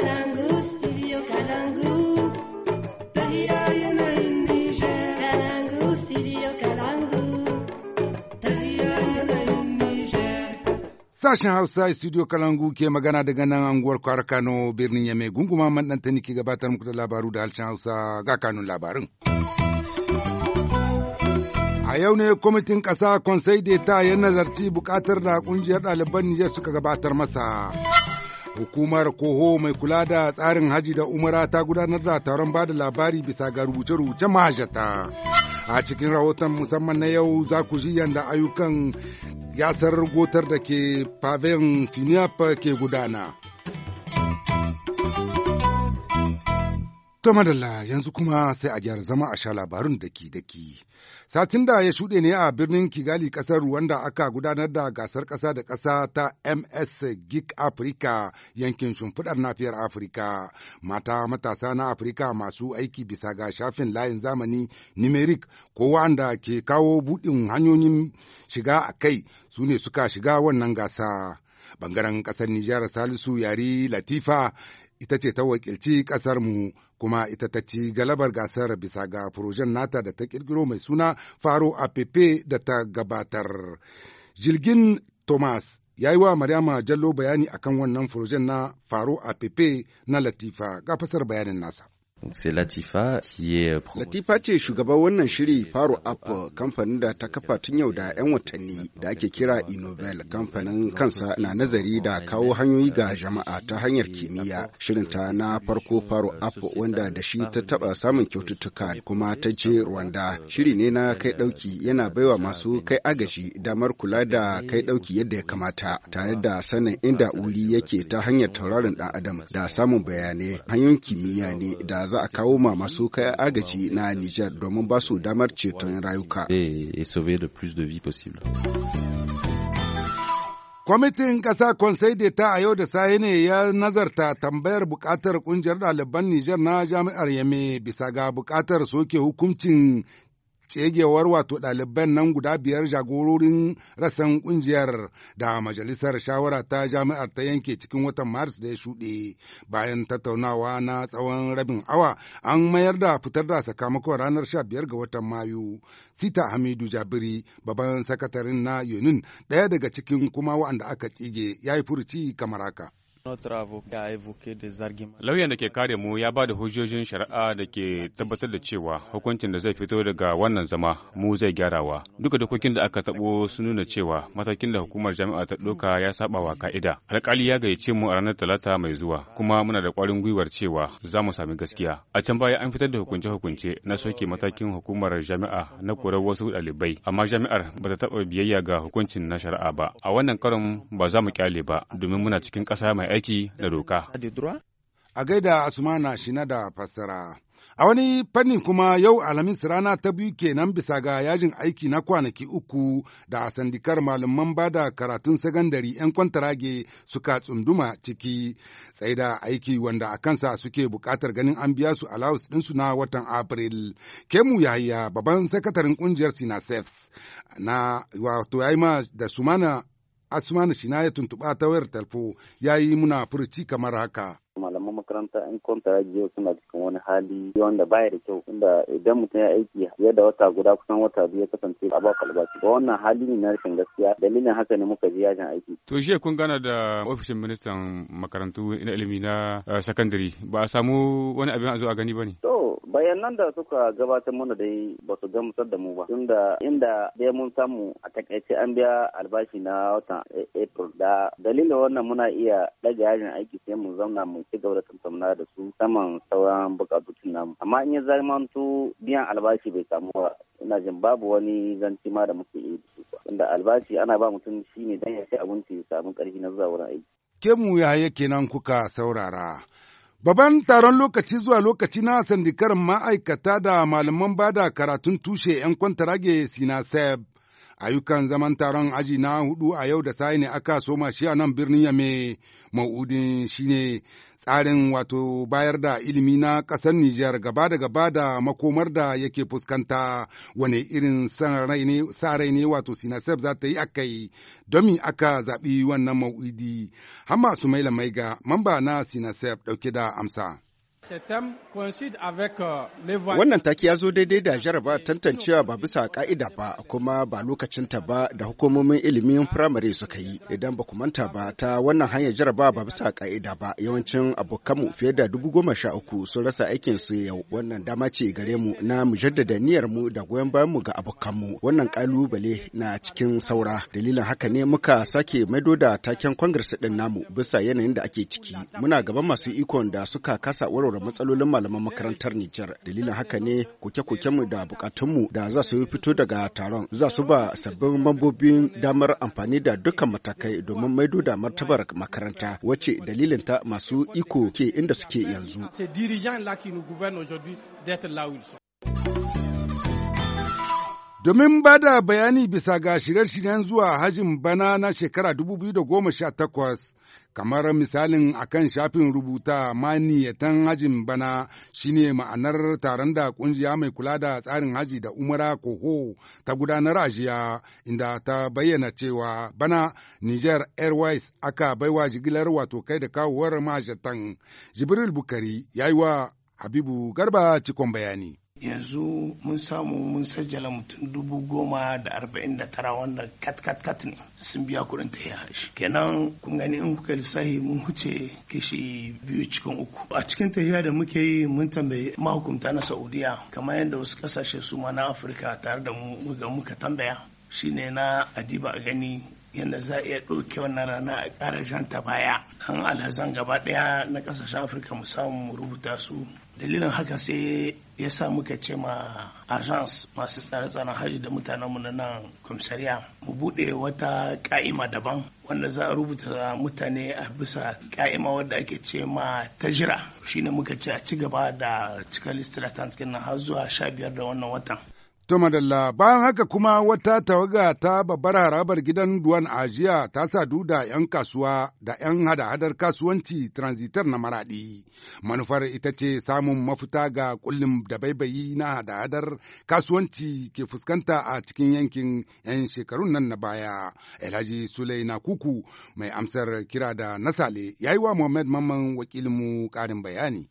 kalangu sashen hausa studio kalangu ke magana daga nan anguwar kwara kano birnin yame gunguma maɗantani ke gabatar muku da labaru da harshen hausa ga kanun labarin A yau ne kwamitin ƙasa Conseil d'Etat ya nazarci buƙatar da ƙungiyar ɗaliban Nijar suka gabatar masa. Hukumar Koho mai kula da tsarin haji da umara ta gudanar da taron bada labari bisa ga rubuce-rubuce mahajata. A cikin rahoton musamman na yau za ku ji yadda ayyukan yasar gotar da ke Paven Finiyap ke gudana. To madalla yanzu kuma sai a gyara zama a sha labarun daki-daki. Satin da ya shuɗe ne a birnin Kigali ƙasar Rwanda aka gudanar da gasar ƙasa da ƙasa ta MS Geek Africa yankin shimfiɗar nafiyar Afirka. Mata matasa na Afirka masu aiki bisa ga shafin layin zamani numeric ko wanda ke kawo buɗin hanyoyin shiga a kai su ne suka shiga wannan gasa. Bangaren ƙasar Nijar Salisu Yari Latifa ita ce ta wakilci ƙasarmu kuma ita ta ci galabar gasar bisa ga furojen nata da ta ƙirƙiro mai suna faro a pepe da ta gabatar. Jirgin Thomas ya yi wa Maryama Jallo bayani akan wannan furojen na faro a pepe na Latifa ga fasar bayanin nasa. C'est Latifa qui est euh, Latifa ce shugaban wannan shiri Faro app euh, kamfanin da ta kafa tun yau da 'yan watanni da ake kira Innovel kamfanin kansa na nazari da kawo hanyoyi ga jama'a ta hanyar kimiyya shirin ta na farko Faro app wanda da shi ta taba samun kyaututtuka kuma ta je Rwanda shiri ne na kai dauki yana baiwa masu kai agaji damar kula da kai dauki yadda ya kamata tare da sanin inda wuri yake ta hanyar tauraron dan adam da samun bayanai hanyoyin kimiyya ne da za a kawo ma masu kayan agaji na Nijar domin ba su damar ceton rayuka. Kwamitin ƙasa Conseil d'Etat a yau da saye ne ya nazarta tambayar buƙatar ƙungiyar ɗaliban Nijar na jami'ar Yame bisa ga buƙatar soke hukuncin Tsegewar wato ɗaliban nan guda biyar jagororin rasan ƙungiyar da majalisar shawara ta jami'ar ta yanke cikin watan maris da ya shuɗe bayan tattaunawa na tsawon rabin awa an mayar da fitar da sakamakon ranar sha biyar ga watan mayu sita hamidu jabiri babban sakatarin na yunin ɗaya daga cikin kuma wa'anda aka tsige ya yi furuci kamar haka. Lauyan da ke kare mu ya ba da hujjojin shari'a da ke tabbatar da cewa hukuncin da zai fito daga wannan zama mu zai gyarawa. Duka dokokin da aka tabo sun nuna cewa matakin da hukumar jami'a ta ɗauka ya saba wa ka'ida. alkali ya gayyace mu a ranar Talata mai zuwa kuma muna da kwarin gwiwar cewa za mu sami gaskiya. A can baya an fitar da hukunce-hukunce na soke matakin hukumar jami'a na korar wasu ɗalibai amma jami'ar ba ta taɓa biyayya ga hukuncin na shari'a ba. A wannan karon ba za mu kyale ba domin muna cikin ƙasa mai aiki da doka. A gaida Asumana Shina da fassara. A wani fanni kuma yau Alhamis rana ta biyu kenan bisa ga yajin aiki na kwanaki uku da a sandikar malaman bada karatun sakandare 'yan kwantarage suka tsunduma ciki sai da aiki wanda a kansa suke bukatar ganin an biya su allowance ɗinsu na watan April. Kemu Yahaya babban sakataren ƙungiyar Sinasef na wato ya ma da Sumana Asmanu Shina ya tuntuɓa ta wayar talfo ya yi muna furuci kamar haka. makaranta in kwanta jiyo suna cikin wani hali wanda baya da kyau inda idan mutum ya aiki fiye da wata guda kusan wata biyu ya kasance a ba albashi ba wannan hali ne na rashin gaskiya dalilin haka ne muka je yajin aiki. To shi kun gana da ofishin ministan makarantu na ilimi na eh, sakandare ba a samu wani abin a zo a gani ba ne. To bayanan da suka gabatar mana dai ba su gamsar da mu ba tunda inda dai mun samu a takaice an biya albashi na watan April da dalilin wannan muna iya ɗaga yajin aiki sai mu zauna mu ci gaba da zauna da su saman sauran bukatutun namu amma in ya zama to biyan albashi bai samu ba ina jin babu wani zanci ma da muke yi inda albashi ana ba mutum shi ne dan ya ci abinci ya samu karfi na zuwa wurin aiki ke mu yaya kenan kuka saurara Baban taron lokaci zuwa lokaci na sandikar ma'aikata da malaman bada karatun tushe 'yan kwantarage Sina Seb ayyukan zaman taron aji na hudu a yau da sai ne aka soma shi a nan birnin yame ma'udin shine tsarin wato bayar da ilimi na ƙasar Nijar gaba da gaba da makomar da yake fuskanta wane irin sa rai ne wato sinasef za ta yi aka yi domin aka zaɓi wannan ma'udi. Hamma Sumaila Maiga, mamba na sinasef ɗauke da amsa. Euh, wannan take ya zo daidai da jaraba tantancewa ba bisa ka'ida ba kuma ba lokacinta ba da hukumomin ilimin firamare suka yi. Idan ba manta ba ta wannan hanyar jaraba ba bisa ka'ida ba yawancin abokanmu fiye da dubu goma sha uku sun rasa aikin su yau. Wannan dama ce gare mu na mu jaddada niyyar mu da goyon bayan mu ga abokanmu. Wannan kalubale na cikin saura. Dalilin haka ne muka sake maido da taken kongres din namu bisa yanayin da ake ciki. Muna gaban masu ikon da suka kasa warware matsalolin malaman makarantar Nijar. Dalilin haka ne koke mu da bukatun mu da za su fito daga taron za su ba sabbin mambobin damar amfani da dukkan matakai domin maido da martabar makaranta wacce ta masu iko ke inda suke yanzu. Domin ba da bayani bisa ga shirye-shiryen zuwa hajin bana na shekara 2018, kamar misalin akan shafin rubuta maniyatan hajin bana shine ma'anar taron da kungiya mai kula da tsarin haji da umara koho ta gudanar ajiya. jiya inda ta bayyana cewa bana Niger Airways aka baiwa jigilar wato kai da kawowar mahajjatan. Jibril Bukari ya yi wa Habibu Garba cikon bayani. yanzu mun samu mun sajjala mutum dubu goma da arba'in da tara wanda kat kat kat ne sun biya kuɗin ta ya hashi kenan kun gani in kuka lissahi mun huce kishi biyu cikin uku a cikin tahiya da muke yi mun tambayi mahukunta na saudiya kamar yadda wasu kasashe su ma na afirka tare da mu ga muka tambaya shine na adiba a gani yadda za a iya ɗauke wannan rana a ƙarashen ta baya an alhazan gaba ɗaya na ƙasashen afirka mu mu rubuta su dalilin haka sai ya sa muka ce ma agence masu tsare-tsaren hajji da mutanenmu na nan komisariya mu buɗe wata ka'ima daban wanda za a rubuta mutane a bisa ka'ima wadda ake ce ma tajira shine muka ce a ci gaba da cika listilatant kenan har zuwa sha biyar da wannan watan To madalla bayan haka kuma wata tawaga ta babbar harabar gidan Duwan Ajiya ta sadu da 'yan kasuwa da 'yan hada-hadar kasuwanci transitar na maraɗi. Manufar ita ce samun mafita ga kullum da baibayi na hada-hadar kasuwanci ke fuskanta a cikin yankin 'yan shekarun nan na baya. Elhaji Sulai na kuku mai amsar kira da Nasale ya yi wa Muhammad Mamman wakilinmu karin bayani.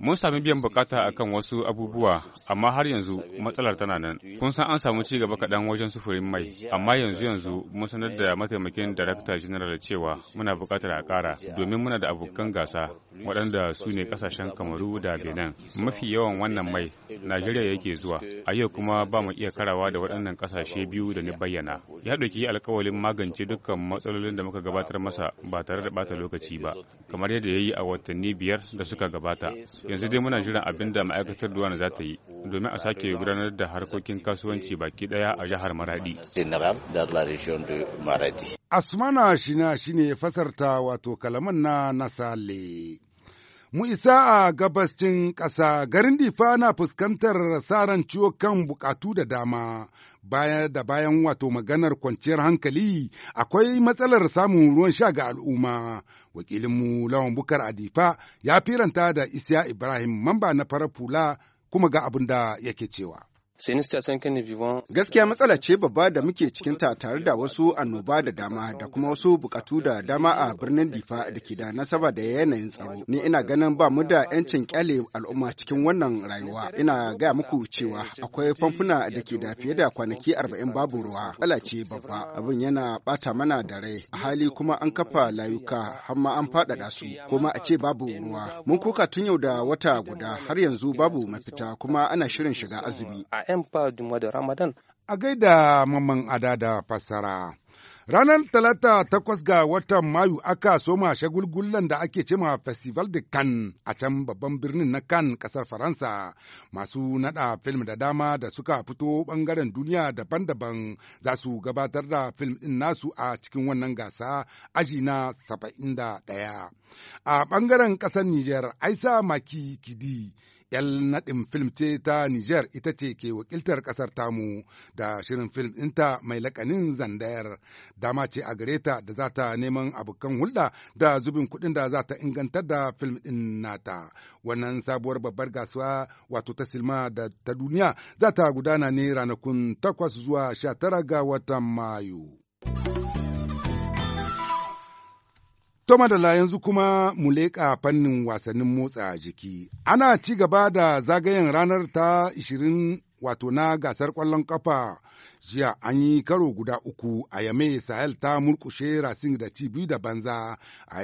Mun sami biyan bukata a kan wasu abubuwa, amma har yanzu matsalar tana nan. Kun san an samu ci gaba kaɗan wajen sufurin mai, amma yanzu yanzu mun sanar da mataimakin darakta general cewa muna bukatar a ƙara domin muna da abokan gasa waɗanda su ne ƙasashen Kamaru da Benin. Mafi yawan wannan mai, Najeriya yake zuwa, a yau kuma ba mu iya karawa da waɗannan ƙasashe biyu da ni bayyana. Ya ɗauki alkawalin magance dukkan matsalolin da muka gabatar masa ba tare da ɓata lokaci ba. ba kamar yadda ya yi a watanni biyar da suka gabata yanzu dai muna jiran abin da ma'aikatar duwana za ta yi domin a sake gudanar da harkokin kasuwanci baki daya a jihar maradi asmana shina shine fasarta wato kalaman na nasale Mu isa a gabas cin ƙasa garin Difa na fuskantar saran ciwo kan bukatu da dama. Baya da bayan wato maganar kwanciyar hankali akwai matsalar samun ruwan sha ga al'umma. Wakilinmu Lawan Bukar a Difa ya firanta da Isiya Ibrahim mamba na farar fula kuma ga abin da yake cewa. Gaskiya matsala ce babba da muke cikin ta tare da wasu annoba da dama da kuma wasu bukatu da dama a birnin Difa da ke da nasaba da yanayin tsaro. Ni ina ganin ba mu da 'yancin kyale al'umma cikin wannan rayuwa. Ina gaya muku cewa akwai famfuna da ke da fiye da kwanaki arba'in babu ruwa. Matsala ce babba. Abin yana bata mana da rai. A hali kuma an kafa layuka har ma an faɗaɗa su kuma a ce babu ruwa. Mun kuka tun yau da wata guda har yanzu babu mafita kuma ana shirin shiga azumi. Yan pas du da Ramadan. A gaida mamman ada da fassara. Ranar Talata takwas ga watan Mayu aka soma shagulgullan da ake cema Festival de kan a can babban birnin na kan kasar Faransa. Masu nada film da dama da suka fito bangaren duniya daban-daban za su gabatar da film din nasu a cikin wannan gasa aji na saba'in da ɗaya. A bangaren ƙasar Nijar, Aisa Maki Kidi 'yal naɗin film ce ta Nijar ita ce ke wakiltar ƙasar tamu da shirin film ɗinta mai lakanin zandayar dama ce a gare ta da za ta neman abokan hulɗa da zubin kuɗin da za ta ingantar da film ɗin nata. Wannan sabuwar babbar gasuwa wato ta silma da ta duniya za ta gudana ne ranakun takwas zuwa sha tara ga watan Mayu. Toma da la yanzu kuma mu leƙa fannin wasannin motsa jiki. Ana ci gaba da zagayen ranar ta wato na gasar kwallon kafa jiya an yi karo guda uku a yame sahel ta murkushe racing da ci biyu da banza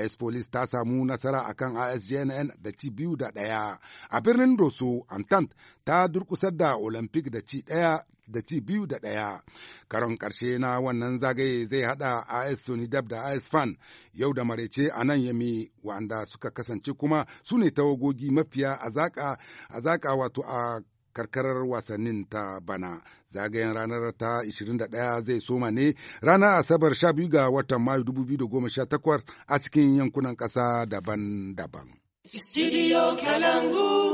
is police ta samu nasara akan asgnn da ci biyu da daya a birnin doso antant ta durkusar da olympic da ci daya da ci biyu da daya karon karshe na wannan zagaye zai hada as sonidab da as fan yau da marece a nan yami wanda suka kasance kuma su ne tawagogi mafiya a zaƙa wato a karkarar wasannin ta bana zagayen ranar ta 21 zai soma ne ranar asabar 12 ga watan mayu 2018 a cikin yankunan ƙasa daban-daban. Studio Kalangu.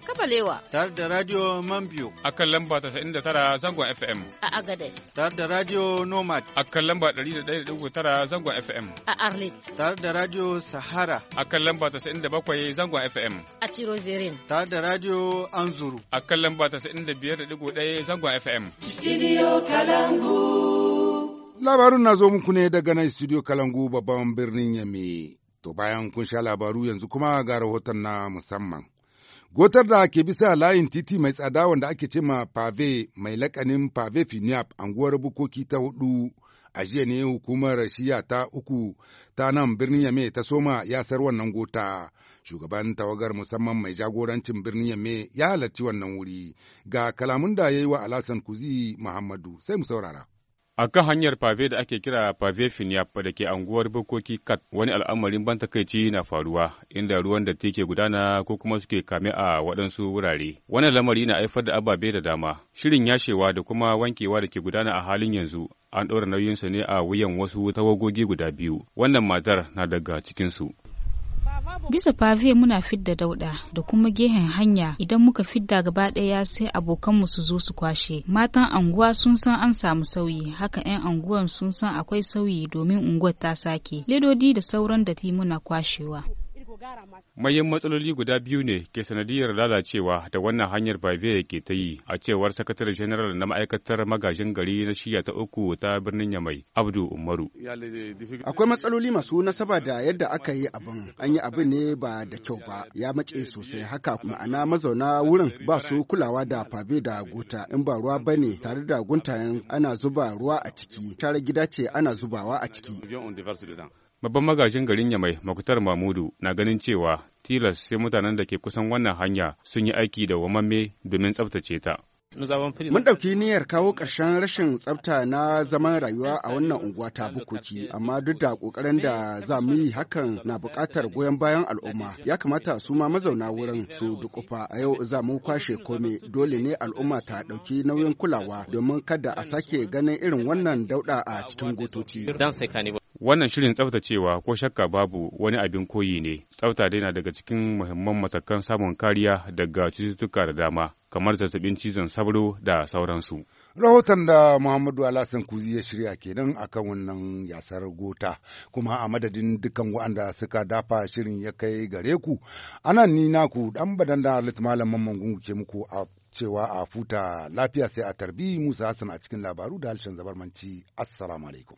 Kabalewa. Tare da Radio Mambio. A kan lamba 99 zangon FM. A Agades. Tare da Radio Nomad. A kan lamba 101.9 zangon FM. A Arlit. Tare da Radio Sahara. A kan lamba 97 zangon FM. A Tirozirin. Tare da Radio Anzuru. A kan lamba 95.1 zangon FM. Studio Kalangu. Labarun na zo muku ne daga nan Studio Kalangu babban birnin Yame. To bayan kun sha labaru yanzu kuma ga rahoton na musamman. Gotar da ke bisa layin titi mai tsada wanda ake ce ma Pave mai lakanin Pave Finiap anguwar bukoki ta hudu a jiya ne hukumar shiya ta uku ta nan birnin Yame ta soma yasar wannan gota. Shugaban tawagar musamman mai jagorancin birnin Yame ya halarci wannan wuri ga kalamun da ya yi wa Alasan Kuzi Muhammadu sai mu saurara. A kan hanyar Pave da ake kira Pave Finyap da ke anguwar Bukoki Kat wani al'amarin ban takaici na faruwa inda ruwan da ke gudana ko kuma suke kame a waɗansu wurare. wani lamari na haifar da ababe da dama. Shirin yashewa da kuma wankewa da ke gudana a halin yanzu an ɗora nauyinsu ne a wuyan wasu tawagogi guda biyu. Wannan matar na daga cikinsu. Bisa pave muna fidda dauda da kuma gehen hanya idan muka fidda gaba ɗaya sai abokanmu su zo su kwashe. Matan anguwa sun san an samu sauyi, haka 'yan anguwan sun san akwai sauyi domin unguwar ta sake. Ledodi da sauran dati muna kwashewa. Mayan matsaloli guda biyu ne ke sanadiyar lalacewa da wannan hanyar Bavia ke ta yi a cewar sakatare general na ma'aikatar magajin gari na shiya ta uku ta birnin Yamai, Abdu Umaru. Akwai matsaloli masu nasaba da yadda aka yi abin. An yi abin ne ba da kyau ba, ya mace sosai haka ma'ana mazauna wurin ba su kulawa da fabe da gota in ba ruwa bane tare da guntayen ana zuba ruwa a ciki, tare gida ce ana zubawa a ciki. Babban magajin garin ya mai Makutar Mamudu na ganin cewa tilas sai mutanen da ke kusan wannan hanya sun yi aiki da wamame domin tsabtace ta. Mun ɗauki niyyar kawo ƙarshen rashin tsafta na zaman rayuwa a wannan unguwa ta bukuki, amma duk da ƙoƙarin da za mu yi hakan na buƙatar goyon bayan al'umma. Ya kamata su ma mazauna wurin su dukufa a yau za mu kwashe kome dole ne al'umma ta ɗauki nauyin kulawa domin kada a sake ganin irin wannan dauɗa a cikin gotoci. Wannan shirin tsaftacewa ko shakka babu wani abin koyi ne, tsafta dai na daga cikin muhimman matakan samun kariya daga cututtuka da dama, kamar zazzabin cizon sabro da sauransu. Rahoton da Muhammadu Alhassan Kuzi ya shirya kenan akan wannan yasar gota, kuma a madadin dukkan waɗanda suka dafa shirin ya kai gare ku, ana ni naku ɗan badan da Malam Mamman Gungu ke muku a cewa a futa lafiya sai a tarbi Musa Hassan a cikin labaru da harshen zabarmanci. Assalamu alaikum.